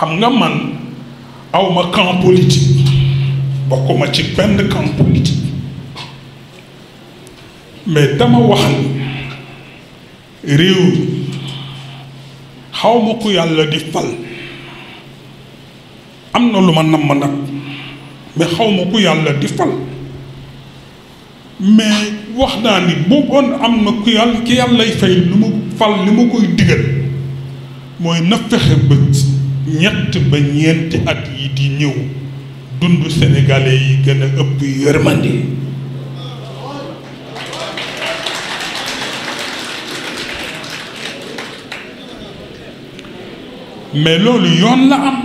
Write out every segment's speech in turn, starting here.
xam nga man awma camp bokkuma ci benn camp politique mais dama wax ni réew xaw ma ko yàlla di fal am na lu ma namm nag mais xaw ma ko yàlla di fal mais wax naa ni booboon am na ku yàlla ki yàllay fay lu mu fal li ma koy digal mooy na fexe bët ñett ba ñeenti at yi di ñëw dund sénégalais yi gën a ëpp yërmande mais loolu yoon la am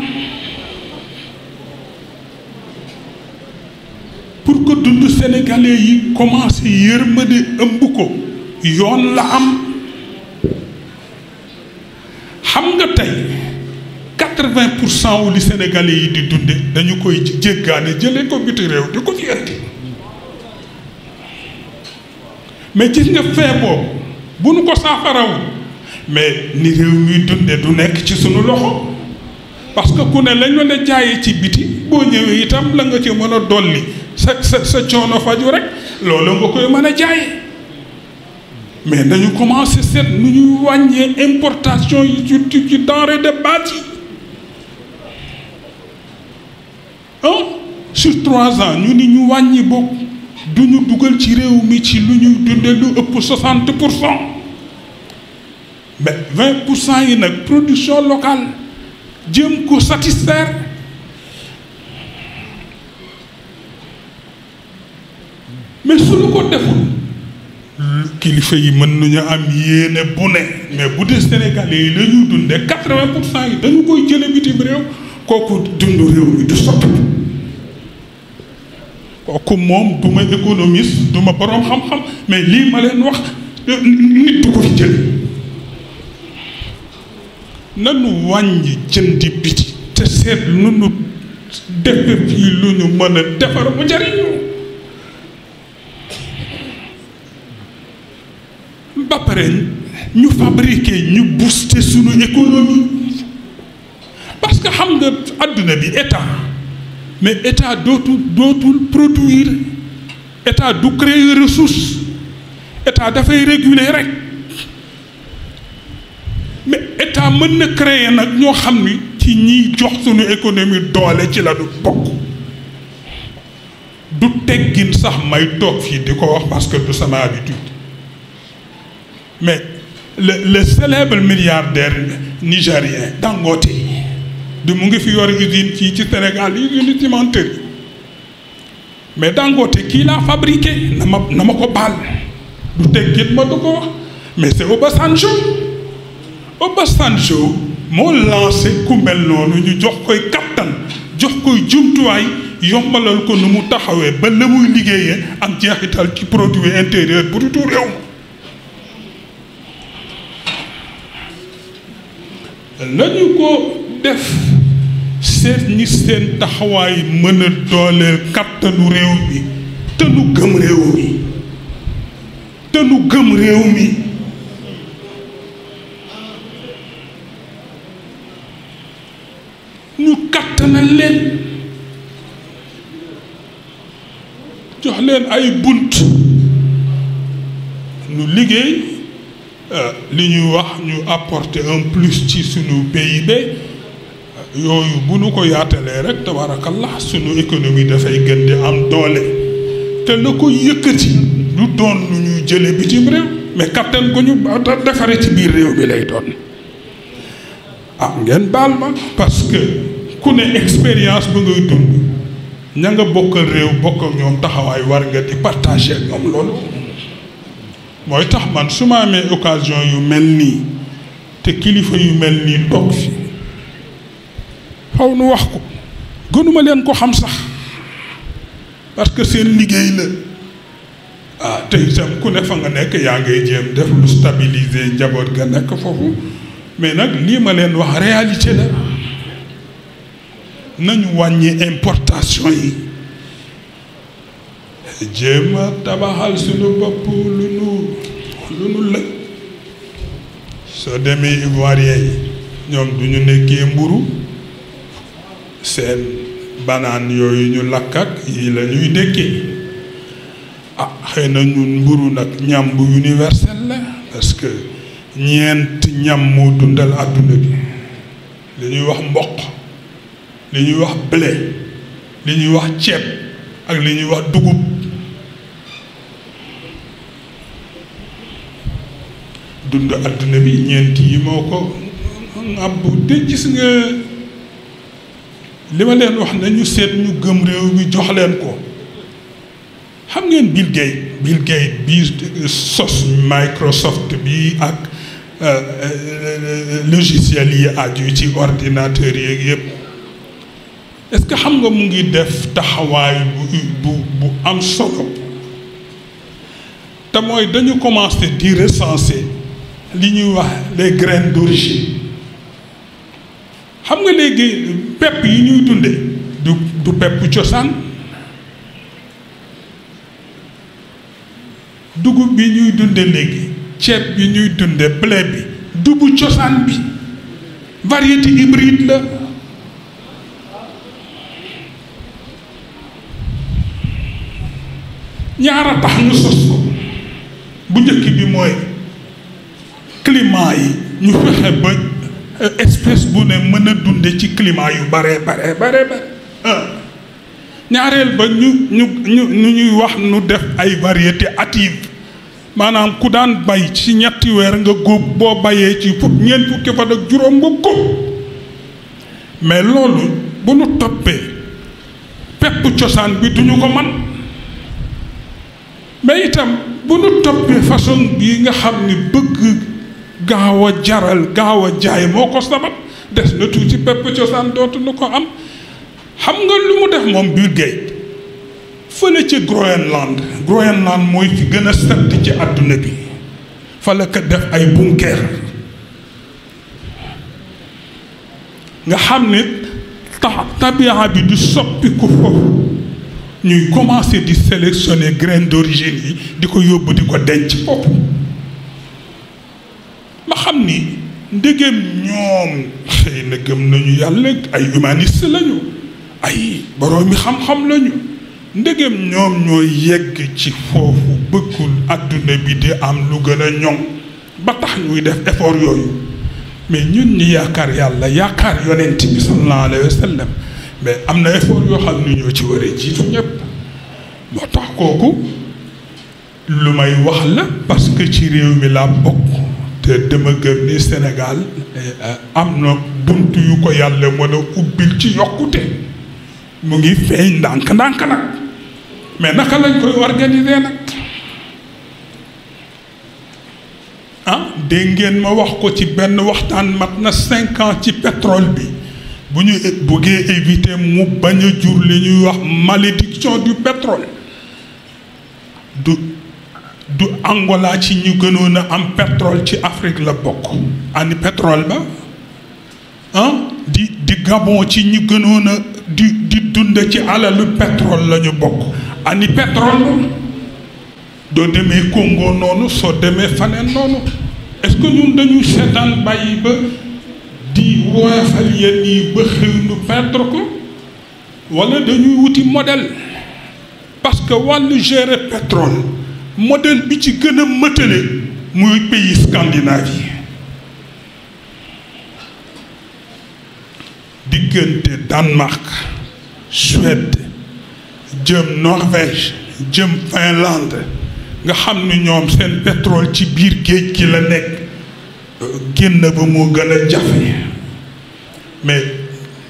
pour que dund sénégalais yi commencé yërmande ëmb ko yoon la am xam nga tey quatre-vingt pour cent wu li Sénégalais yi di dunde dañu koy jéggaane jëlee ko biti réew di ko fi indi mais gis nga fee boobu bu nu ko saafarawul mais ni réew mi dunde du nekk ci sunu loxo parce que ku ne lañu ne jaayee ci biti boo ñëwee itam la nga ci mën a dolli sa sa sa coono faju rek loolu nga koy mën a jaayee mais nañu commencé seet nu ñuy wàññee importation yi ci ci denrée de base yi un sur trois ans ñu ni ñu wàññi bokk du ñu dugal ci réew mi ci lu ñuy dunde lu ëpp soixante pour cent mais vingt pour cent yi nag production locale jëm ko satisfaire mais suñu ko deful kilifa yi mën nañu am yéene bu ne mais bu dee Sénégalais yi la ñuy dunde quatre-vingt pour cent yi dañu koy jële bitim réew kooku dund réew mi du sotti kooku moom du ma économiste boroom xam-xam mais lii ma leen wax nit du ko fi jël nanu wàññi jëndi biti te seet lu nu defe fii lu ñu mën a defar mu jariñu ba ñu fabriqué ñu booster sunu économie nga xam nga àdduna bi état mais état dootul dootul produire état du créer ressource état dafay réguler rek mais état mën na créer nag ñoo xam ni ci ñiy jox suñu économie doole ci la du bokk du teggin sax may toog fii di ko wax parce que du sama habitude mais le le célèbre milliardaire nigérien Dangote du mu ngi fi yor usine fii ci Sénégal usine cimenterie mais Dangote kii laa fabriqué na ma na ma ko baal du teggit ma du ko wax mais c'est Obasanjo Obasanjo moo lancé ku noonu ñu jox koy kattan jox koy jumtuwaay yombalal ko nu mu taxawee ba la muy liggéeyee am jeexital ci produit intérieur bu dutu réew lañu ko def seet ñi seen taxawaay mën a dooleel kattanu réew mi te nu gëm réew mi ñu kattanal leen jox ay bunt ñu liggéey euh, li ñuy wax ñu apporter un plus ci sunu PIB yooyu bu nu ko yaatalee rek tabarakallah sunu économie dafay gën di am doole te la ko yëkkati du doon lu ñuy jële bitim réew mais kattan ko ñu defare ci biir réew bi lay doon ah ngeen baal ma parce que ku ne expérience ba ngay dund ña nga bokkal réew bokk ak ñoom taxawaay war nga di partager ak loolu mooy tax man su ma amee occasion yu mel nii te kilifa yu mel nii toog fi xaw nu wax ko gënuma leen ko xam sax parce que seen liggéey la ah te itam ku ne nga nekk yaa ngay jéem def lu stabiliser njaboot ga nekk foofu mais nag lii ma leen wax réalité la nañu wàññi importation yi jéem a tabaxal suñu bopp lu nu lu nu lëg soo demee ivoirien yi ñoom du nekkee mburu seen banaan yooyu ñu lakk ak yii la ñuy dékkee ah, xëy na ñun mburu nag ñam bu universel la parce que ñeent ñam moo dundal àdduna bi li ñuy wax mboq li ñuy wax blé li ñuy wax ceeb ak li ñuy wax dugub dund àdduna bi ñeent yi moo ko ngàbb te gis nga li ma leen wax nañu seet ñu gëm réew mi jox leen ko xam ngeen Bill Gates Bill Gates bi sos Microsoft bi ak euh, euh, logiciel yi aju ci ordinateur yeeg yëpp est-ce que xam nga mu ngi def taxawaay bu bu am solo te mooy dañu commencer di recenser li ñuy wax les graines d'origine xam nga léegi pepp yi ñuy dunde du du pepp cosaan dugub bi ñuy dunde léegi ceeb bi ñuy dunde blé bi du cosaan bi variété hybride la ñaara tax ñu sos ko bu njëkk bi mooy climat yi ñu fexe ba eh, bu ne mën a dunde ci climat yu bare bare bare ah. ñaareel ba ñu ñu ñu ñu ñuy wax nu def ay variété active maanaam ku daan bay ci ñetti weer nga góob boo bayee ci fukk ñeent fukki fan ak juróom nga góob mais loolu bu nu toppee pepp cosaan bi duñu ko man mais itam bu nu toppee façon bi nga xam ni bëgg gaaw a jaral gaaw a jaay moo ko sabab des na ci bépp cosaan dootu nu ko am xam nga lu mu def moom Bill Gates fële ci Groenland Groenland mooy fi gën a sedd ci àdduna bi fa ko def ay bunker nga xam ne ta tabia bi du soppiku foofu ñuy commencé di sélectionner graine d'origine yi di ko yóbbu di ko denc foofu ma xam ni ndegem ñoom xëy na nañu yàlla ay humaniste lañu ay boroomi xam-xam lañu ndegem ñoom ñooy yegg ci foofu bëggul àdduna bi di am lu gën a ñoŋ ba tax ñuy def effort yooyu mais ñun ñi yaakaar yàlla yaakaar yonent bi sallallahu alayhi wa mais am na effort yoo xam ne ci war a jiitu ñëpp moo tax kooku lu may wax la parce que ci réew mi laa bokk te dama gëm ni Sénégal eh, am na bunt yu ko yàlla mën a ubbil ci yokkute mu ngi feeñ ndànk-ndànk nag mais naka lañ koy organiser nag ah dégg ngeen ma wax ko ci benn waxtaan mat na cinq ans ci pétrole bi bu ñu e, bëggee éviter mu bañ a jur li ñuy wax malédiction du pétrole du Angola ci ñu gënoon a am pétrole ci Afrique la bokk ani pétrole ba di di Gabon ci ñu gënoon a di di dund ci alalu pétrole la bokk ani pétrole doo demee Congo noonu soo demee faneen noonu est-ce que ñun dañu seetaan bàyyi ba di woyofal yenn yi ba xëy nu perdre ko wala dañuy wuti modèle parce que wàllu gérer pétrole modèle bi ci gën a mëtale muy pays Scandinavie diggante Danemark Suède jëm Norvège jëm Finlande nga xam ni ñoom seen pétrole ci biir géej gi la nekk génn ba mu gën a jafe mais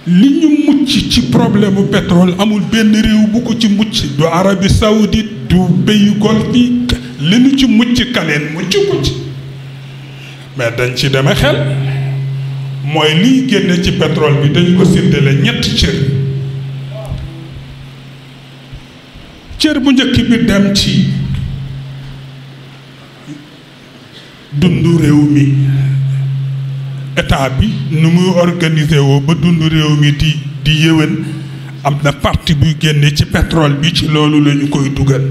li ñu mucc ci problème mu amul benn réew bu ko ci mucc du Arabie Saoudite du béyu góor bi li nu ci mucc kaneen mucc ko ci dañ ci deme xel mooy liy génne ci pétrole bi dañ ko séddale ñetti cër cër bu njëkk bi dem ci dundu réew mi état bi nu muy organiser woo ba dundu réew mi di di yéwén am na parti buy génne ci pétrole bi ci loolu lañu koy dugal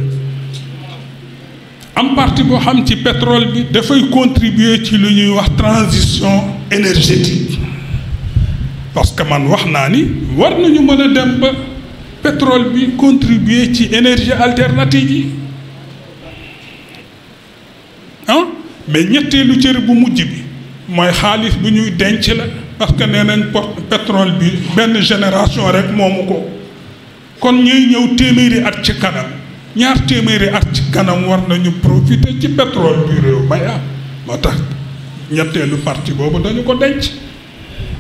am parti boo xam ci pétrole bi dafay contribuer ci lu ñuy wax transition énergétique parce que man wax naa ni war nañu mën a dem ba petrole bi contribuer ci énergie alternative yi ah ñetteelu cër bu mujj bi mooy xaalis bu ñuy denc la parce que nee nañ pétrole bi benn génération rek moomu ko kon ñuy ñëw téeméeri at ci kanam ñaar téeméeri at ci kanam war nañu profiter ci pétrole bi réew may am ah, moo tax ñetteelu parti boobu dañu ko denc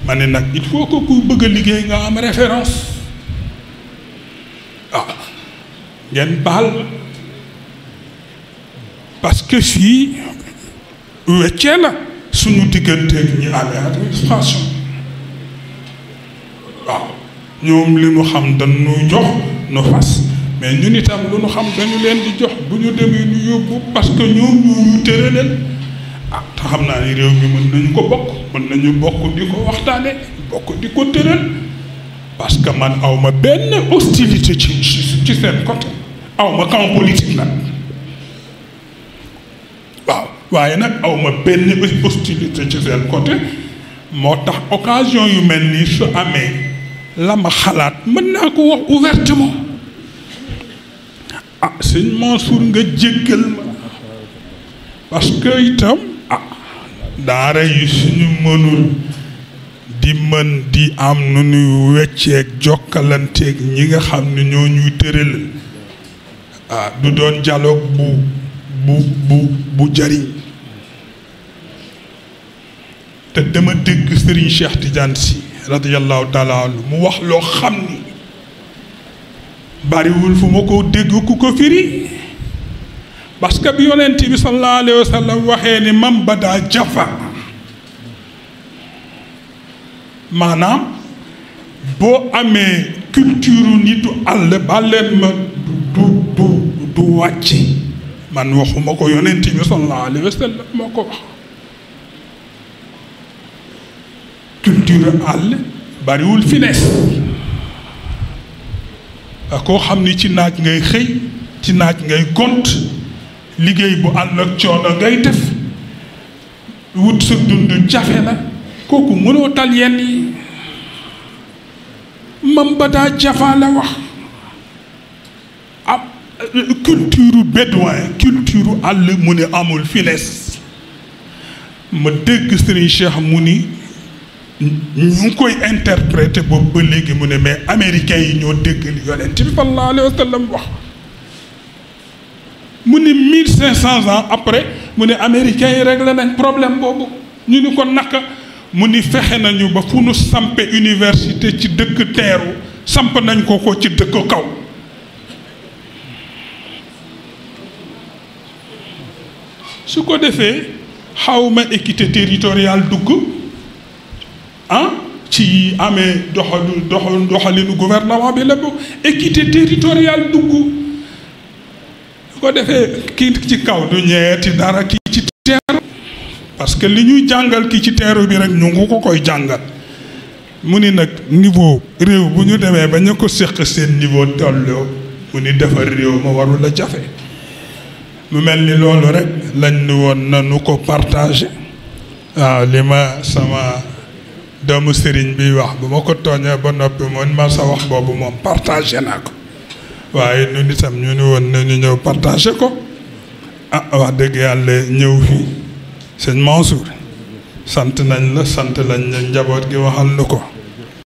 ma ne nag il faut ku bëgg a liggéey nga am référence ah ngeen baal parce que fii weccee na suñu digganteeg ñi amee administration waaw ñoom li ñu xam dañu jox nu fas mais ñun itam lu ñu xam dañu leen di jox bu ñu demee ñu yóbbu parce que ñoom ñu tëre leen ah te xam naa ni réew mi mën nañu ko bokk mën nañu bokk di ko waxtaane bokk di ko tëral parce que man awma benn hostilité ci seen côté awma camp politique nag waaye nag awma benn hostilité ci seen côté moo tax occasion yu mel nii su amee la ma xalaat mën naa ko wax ouvertement ah sëñ Mansour nga jéggal ma parce que itam ah daara yu suñu mënul di mën di am nu nuy wecceeg jokkalanteeg ñi nga xam ne ñoo ñuy tëral ah du doon dialogue bu bu bu bu jariñ te dama dégg Serigne Cheikh Tidiane si radiyallahu mu wax loo xam ni bariwul fu ma ko dégg ku ko firi parce que bi yonent bi sallallahu alayhi wa waxee ni mam badaa jafa maanaam boo amee culture nitu àll ma du du du wàcc man waxuma ko yonent bi sallallahu alayhi moo ko wax culture àll xam ni ci naaj ngay xëy ci naaj ngay gont liggéey bu ànd ak coono ngay def wut wax ab euh, culture àll mu ne amul finesse ma dégg Serigne Cheikh mu ni ñu koy interprété boobu ba léegi mu ne mais américains yi ñoo dégg li yonent bi sallallahu alayhi wax mu ne mille cinq cent ans après mu ne américains yi réglé nañ problème boobu ñu ni ko naka mu ni fexe nañu ba fu nu sampe université ci dëkk teeru samp nañ ko ko ci dëkk kaw su ko defee xawma équité territoriale dugg ci amee doxalu doxal doxalinu gouvernement bi lépp équité territoriale dugg su ko defee kii ci kaw du ñeeti dara kii ci teeru parce que li ñuy jàngal kii ci teeru bi rek ñu ngi ko koy jàngal mu ni nag niveau réew bu ñu demee ba ñu ko séq seen niveau tolloo mu ni defar réew ma warul a jafe mu mel ni loolu rek lañ ni woon nanu ko partagé waaw ah, li ma sama doomu sëriñ biy wax bu ma ko tooñee ba noppi mun ma sa wax boobu moom partagé naa ko waaye ñun itam ñu ni woon nañu ñëw partage ko ah wax dëgg yàlla ñëw fii sëñ Mansour sant nañ la sant lañ njaboot gi waxal nu ko